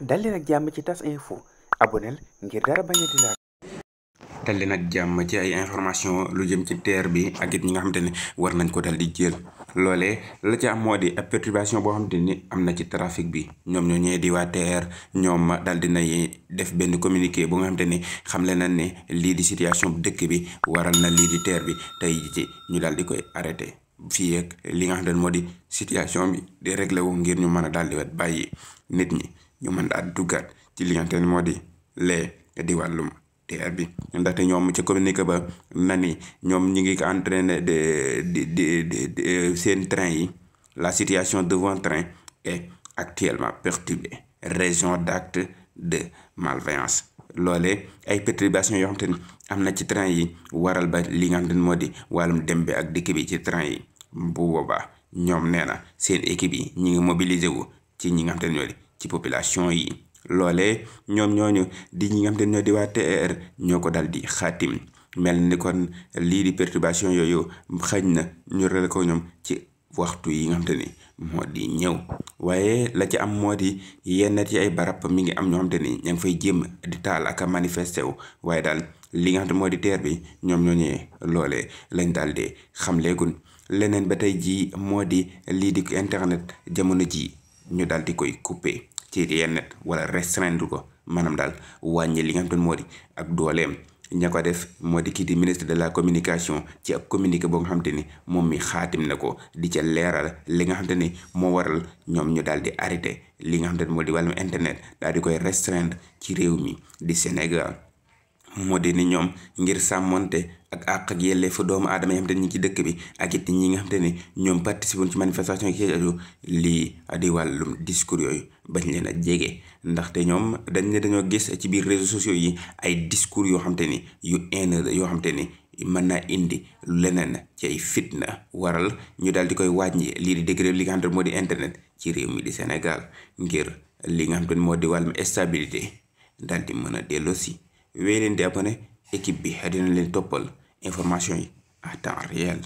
dal leen ak jàmm ci tas info aboneel ngir dara bañ a di laal jàmm ci ay information lu jëm ci teer bi ak it ñi nga xamante ne war nañ ko dal di jël loole la ca am moo di ab perturbation boo xamante ni am na ci trafic bi ñoom ñoo ñëwee di waa TER ñoom dal di nay def benn communiqué bu nga xam xamante ni xam xamle na ne lii di situation bu dëkk bi waral na lii di teer bi tey ci ñu daal di koy arrêté. fii ak li nga xamante ne moo di situation bi di réglé wu ngir ñu mën a daal di wet bàyyi nit ñi. ñu mën daal duggaat ci li nga xamante ne moo di lee di wàllum TR bi ndaxte ñoom ca communiqué ba na ni ñoom ñu ngi ko entraîné de di di euh, seen train yi la situation de votre train est actuellement perturbée raison d'acte de malveillance loole ay perturbation yoo xamante ni am na ci train yi waral ba li nga xamante ni moo di wàllum dem bi ak dikk bi ci train yi bu boobaa ñoom nee na seen équipe yi ñu ngi mobiliser wu ci ñi nga xamante ni ñoo ci population yi loole ñoom ñooñu di ñi xam te ñoo di waa TER ñoo ko dal di xaatim mel ni kon lii di perturbation yooyu xëj na ñu rele ko ñoom ci waxtu yi nga xam te ni moo di ñëw waaye la ci am moo di yenn ci ay barab mi ngi am ñoo xam te ni ña ngi fay jéem di taal ak manifesté wu waaye daal li nga te moo di bi ñoom ñoo ñëwee loolee lañ daal di xamleegun leneen ba tey jii moo di lii di internet jamono jii. ñu daal di koy couper ci yenn wala restreindre ko maanaam daal wàññi li nga xam te moo di ak dooleem ña ko def moo di kii di ministre de la communication ci ak communiqué boo nga xamante ni moom mi xaatim na ko di ca leeral li nga xam xamante ni moo waral ñoom ñu daal di arrêté li nga xamante ni moo di wàllum internet daal di koy restreindre ci réew mi di Sénégal. moo di ni ñoom ngir sàmmonte ak àq ak yelleefu doomu aadama yi xam te ni ci dëkk bi ak it ñi nga xam te ni ñoom participé woon ci manifestation yi aju lii di wàllum discours yooyu bañ leen a jege ndaxte ñoom dañ ne dañoo gis ci biir réseaux sociaux yi ay discours yoo xam te ni yu yoo xam te ni mën naa indi leneen ci ay fitna waral ñu daal di koy wàññi lii di degré li nga xam te moo di internet ci réew mi di Sénégal ngir li nga xam te moo di wàllum stabilité daal di mën a delloosi wéy leen di abonné équipe bi dina leen toppal information yi à temps réel